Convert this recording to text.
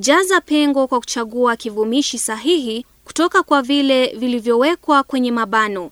Jaza pengo kwa kuchagua kivumishi sahihi kutoka kwa vile vilivyowekwa kwenye mabano.